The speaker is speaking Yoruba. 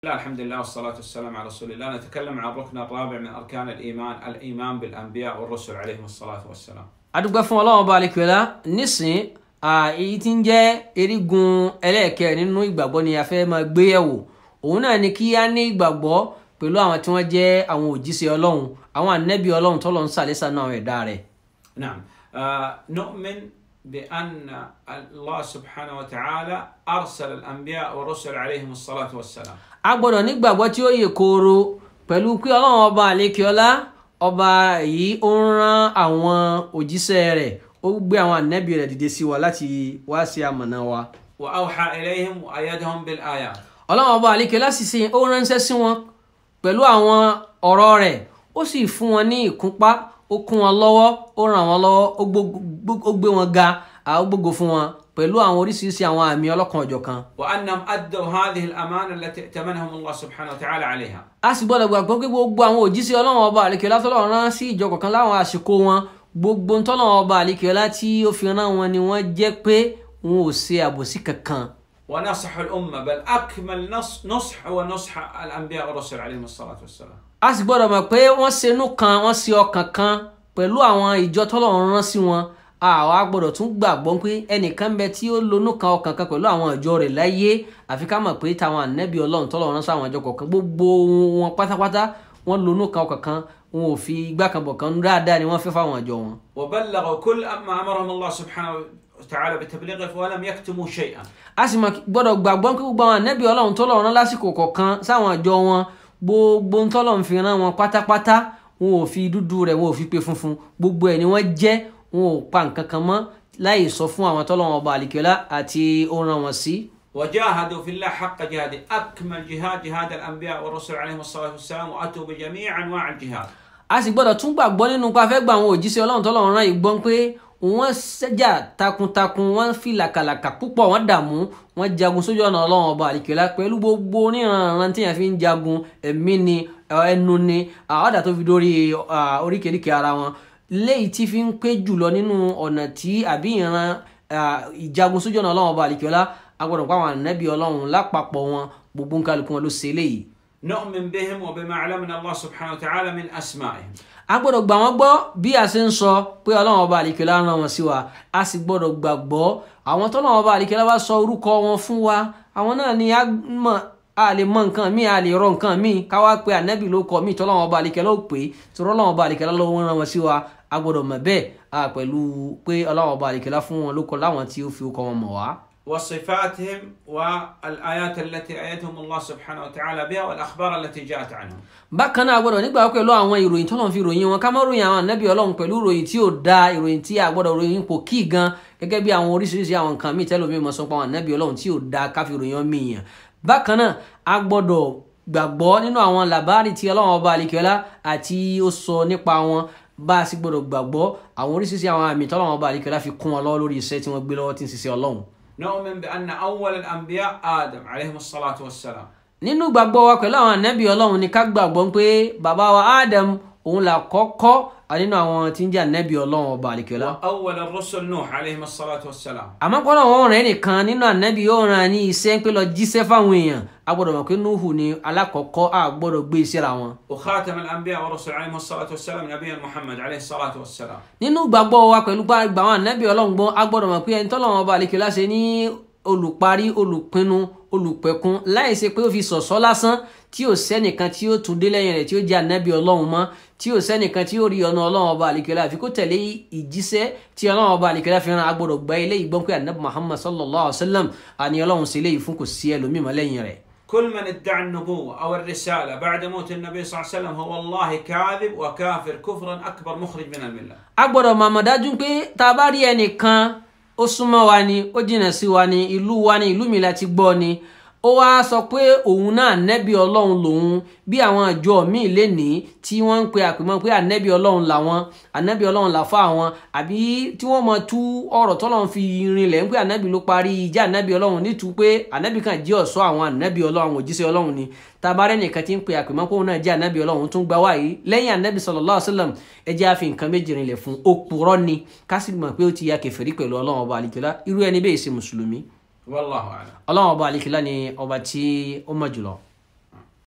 الحمد لله والصلاة والسلام على رسول الله نتكلم عن الركن الرابع من أركان الإيمان الإيمان بالأنبياء والرسل عليهم الصلاة والسلام adúgbò fún ọlọ́run ọba alekiola nísìn èyí tí ń jẹ́ erigun ẹlẹ́ẹ̀kẹ́ nínú ìgbàgbọ́ ni a fẹ́ máa gbé yẹ̀wò òun náà ni kí á ní ìgbàgbọ́ pẹ̀lú àwọn tí wọ́n jẹ́ àwọn òjíṣẹ́ ọlọ́run àwọn ànẹ́bí ọlọ́run tọ́lọ́ ń sàlẹ́sà náà ẹ̀dá rẹ̀. نعم نؤمن بأن الله سبحانه وتعالى أرسل الأنبياء والرسل عليهم الصلاة والسلام a gbọ́dọ̀ nígbàgbọ́ tí ó yè kooro pẹ̀lú pé ọlọ́run ọba àlékiọlá ọba yìí ó ń rán àwọn òjíṣẹ́ rẹ̀ ó gbé àwọn ànábì rẹ̀ dìde sí wa láti wá sí amọ̀nà wa. wa awha ilayhim wa ayyadahum bil aya. ọlọ́run ọba àlékiọlá sì sí ó ránṣẹ́ sí wọn pẹ̀lú àwọn ọ̀rọ̀ rẹ̀ ó sì fún wọn ní ìkúnpá ó kún wọn lọ́wọ́ ó ràn wọ́n lọ́wọ́ ó gbé wọn ga ó gbógo fún wọn pẹ̀lú àwọn oríṣiríṣi àwọn àmì ọlọ́kan ọ̀jọ̀ kan. wa annam addaw hadhihi al-amana allati a'tamanahum Allah subhanahu wa ta'ala 'alayha. a sì gbọ́dọ̀ gbàgbọ́ pé gbogbo àwọn òjíṣẹ́ ọlọ́run ọba àlekèọ́lá tọ́lọ̀ rán sí ìjọ kọ̀ọ̀kan láwọn àsìkò wọn gbogbo tọ́lọ̀ ọba àlekèọ́lá tí ó fi rán wọn ni wọ́n jẹ́ pé wọn ò ṣe àbòsí kankan ونصح الأمة بل أكمل نص نصح هو نصح الأنبياء والرسل عليهم الصلاة والسلام. a sì gbọ́dọ̀ mọ̀ pé wọ́n ṣenú kan wọ́n ṣe ọkàn kan pẹ̀lú àwọn ìjọ tọ́lọ́run rán sí wọn àwa gbọ́dọ̀ tún gbàgbọ́ pé ẹnìkan bẹ tí ó lonú kan ọkàn kan pẹ̀lú àwọn ìjọ rẹ̀ láyé àfi ká mọ̀ pé táwọn ànẹ́bí ọlọ́run tọ́lọ́run rán sáwọn ìjọ kọ̀ọ̀kan gbogbo wọn pátápátá wọn lonú kan ọkàn kan wọn ò fi igbá kan bọ̀ kan dáadáa ni wọ́n fẹ́ fáwọn ìjọ wọn. wa ballagha kull amma amarahum Allah subhanahu تعالى بتبليغه ولم يكتموا شيئا a sì máa gbọ́dọ̀ gbàgbọ́ pé gbogbo àwọn ànábì ọlọ́run tó lọ́run lásìkò kọ̀ọ̀kan sáwọn àjọ wọn gbogbo ń tọ́lọ́run fi rán wọn pátápátá wọn ò fi dúdú rẹ̀ wọn ò fi pe funfun gbogbo ẹ̀ ni wọ́n jẹ́ wọn ò pa nǹkan kan mọ́ láì sọ fún àwọn tọ́lọ́run ọba àlìkẹ́lá àti ọ̀ràn wọn sí. وجاهدوا في الله حق جهاده أكمل جهاد جهاد الأنبياء والرسل عليهم الصلاة والسلام وأتوا بجميع أنواع الجهاد. a sì gbọ́dọ̀ tún gbàgbọ́ nínú pa fẹ́ gba àwọn òjíṣẹ́ ọlọ́run tọ́lọ́run rán yìí pé wọ́n ṣẹ́jà takuntakun wọ́n fi làkàlàkà púpọ̀ wọ́n dààmú wọ́n jagun sójú ọ̀nà ọlọ́run ọba àlìkèlá pẹ̀lú gbogbo oníranran tí yẹn fi ń jagun ẹ̀mí ni ẹnu ni àwọ̀dà tó fi dórí oríkèéríkèé ara wọn léyìí tí fi ń pé jùlọ nínú ọ̀nà tí àbí ìran ìjagun sójú ọ̀nà ọlọ́run ọba àlìkèlá agbọ́dọ̀ pàwọn ànábì ọlọ́run lápapọ̀ wọn gbogbo nǹkan lókun wọn ló ṣe léyìí نؤمن بهم وبما علمنا الله سبحانه وتعالى من أسمائهم a gbọ́dọ̀ gbà wọ́n gbọ́ bí a ṣe ń sọ pé Ọlọ́run ọba àlìkẹlá rán wọn sí wa a sì gbọ́dọ̀ gbàgbọ́ àwọn tọ́lọ́run ọba àlìkẹlá bá sọ orúkọ wọn fún wa àwọn náà ni a lè mọ nǹkan míì a lè rọ nǹkan míì káwá pé ànábì ló kọ míì tọ́lọ́run ọba àlìkẹlá ó pè é tọ́lọ́run ọba àlìkẹlá ló rán wọn sí wa a gbọ́dọ̀ mọ̀ bẹ́ẹ̀ pẹ̀lú pé Ọlọ́run ọba àlìkẹlá fún wọn ló kọ láwọn tí ó fi kọ wọn mọ̀ wá. وصفاتهم والآيات التي أيتهم الله سبحانه وتعالى بها والأخبار التي جاءت عنهم bákan náà gbọ́dọ̀ nígbà pẹ̀lú àwọn ìròyìn tí Ọlọ́run fi ròyìn wọn ká má ròyìn àwọn ànábì Ọlọ́run pẹ̀lú ìròyìn tí ò da ìròyìn tí a gbọ́dọ̀ ròyìn pò kí gan gẹ́gẹ́ bí àwọn oríṣiríṣi àwọn nǹkan míì tẹ́lómi mọ̀ sọ pé àwọn ànábì Ọlọ́run tí ò da ká fi ròyìn ọmọ èèyàn bákan náà a gbọ́dọ̀ gbàgbọ́ nínú àwọn làbárì tí Ọlọ́run ọba àlekíọ́lá àti ó sọ nípa wọn bá a sì gbọ́dọ̀ gbàgbọ́ àwọn oríṣiríṣi àwọn àmì tọ́lọ́run ọba àlekíọ́lá fi kún wọn lọ́wọ́ lórí iṣẹ́ tí wọ́n gbé lọ́wọ́ tí ń ṣiṣẹ́ Ọlọ́run نؤمن بأن أول الأنبياء آدم عليهم الصلاة والسلام nínú gbàgbọ́ wa pẹ̀lú àwọn ànábì ọlọ́run ni ká gbàgbọ́ pé bàbá wa adam òun là kọ́kọ́ nínú àwọn tí ń jẹ́ ànábì ọlọ́run ọba àlìkẹ́lá. awwal ar-rusul nuh alayhi salatu wa salam. àmọ́ pọ́nlọ́ wọn rẹ̀ nìkan nínú ànábì yóò ràn ní iṣẹ́ pé lọ jíṣẹ́ fáwọn èèyàn a gbọ́dọ̀ mọ̀ pé nuhu ni alákọ̀ọ́kọ́ a gbọ́dọ̀ gbé síra wọn. o khatamal anbiya wa rasul alayhi salatu wa salam nabiya muhammad alayhi salatu wa salam. nínú gbàgbọ́ wa pẹ̀lú gbàgbọ́ àwọn ànábì ọlọ́run gbọ́ a gbọ́dọ̀ mọ̀ pé ẹni tọ́lọ́run ọba àlekèlá ṣe ní olùparí olùpinnu olùpẹ̀kun láì ṣe pé ó fi sọ̀sọ́ lásán tí ò sẹ́nìkan tí ó tún dé lẹ́yìn rẹ̀ tí ó jẹ́ ànábì ọlọ́run mọ́ tí ò sẹ́nìkan tí ó rí ọ̀nà ọlọ́run ọba àlekèlá àfi kó tẹ̀lé ìjíṣẹ́ tí ọlọ́run ọba àlekèlá fi ran agbọ́dọ̀ gba ilé ìgbọ́n pé ànábì muhammad sallallahu alayhi wa sallam àni ọlọ́run ṣe léyìí fún kò sí ẹlòmíì lẹ́yìn rẹ̀. كل من ادعى النبوة أو الرسالة بعد موت النبي صلى الله عليه وسلم هو والله كاذب وكافر كفرا أكبر مخرج من الملة أكبر gbọ́dọ̀ mọ̀mọ̀ dájú pé يعني كان bá rí ẹnìkan ó súnmọ́ wa ni ó jìnnà ó wáá sọ pé òun náà nẹ́bí ọlọ́run lòun bí àwọn àjọ míì lénìí tí wọ́n ń pe àpèmọ́ pé ànẹ́bí ọlọ́run làwọn ànẹ́bí ọlọ́run làfà àwọn àbí tí wọ́n mọ tú ọ̀rọ̀ tọ́lọ́run fi rinlẹ̀ ń pé ànẹ́bí ló parí ìjà ànẹ́bí ọlọ́run nítú pé ànẹ́bí kan jẹ́ ọ̀ṣọ́ àwọn ànẹ́bí ọlọ́run òjíṣẹ́ ọlọ́run ni tabarẹ́ nìkan ti ń pe àpèmọ́ pé òun náà jẹ́ ànẹ́bí ọlọ́run tún gba wáyé lẹ́yìn ànẹ́bí sallallahu alaihi wasallam ẹ jẹ́ nǹkan méjì rinlẹ̀ fún òpùrọ́ ni ká sì mọ̀ pé ó ti ya kèfèrí pẹ̀lú ọlọ́run ọba àlìkẹ́lá irú ẹni bẹ́ẹ̀ ṣe mùsùlùmí wallahu a'lam. ọlọ́run ọba àlekèlá ni ọba tí ó mọ̀ jùlọ.